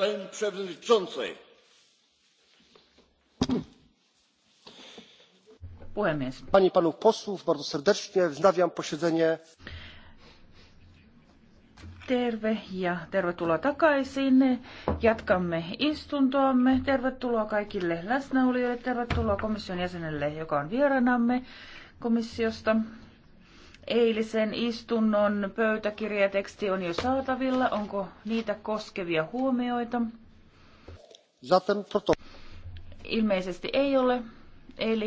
panie przewodniczący! panie i panów posłów bardzo serdecznie wznawiam posiedzenie. Jatkamme istuntoamme. Tervetuloa kaikille läsnäolijoille. Tervetuloa komission jäsenelle, joka on vieraanamme komissiosta. Eilisen istunnon pöytäkirjateksti on jo saatavilla. Onko niitä koskevia huomioita? Ilmeisesti ei ole. Eli